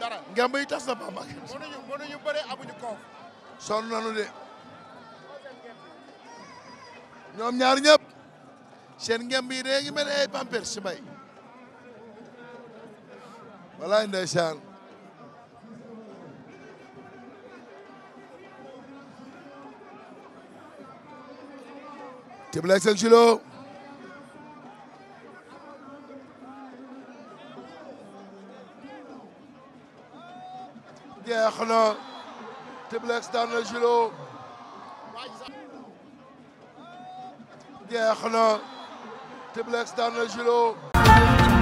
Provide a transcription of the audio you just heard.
dara. ngemb yi tas na Paa Mbacké. mënuñu mënuñu bëre amuñu de ñoom ñaar ñëpp seen ngemb yi de ngi mel ay pampers si mbay. walaay ndeysaan. Tiblay seen silo. jeex na Tiblex daan na Julo jeex na Tiblex daan na Julo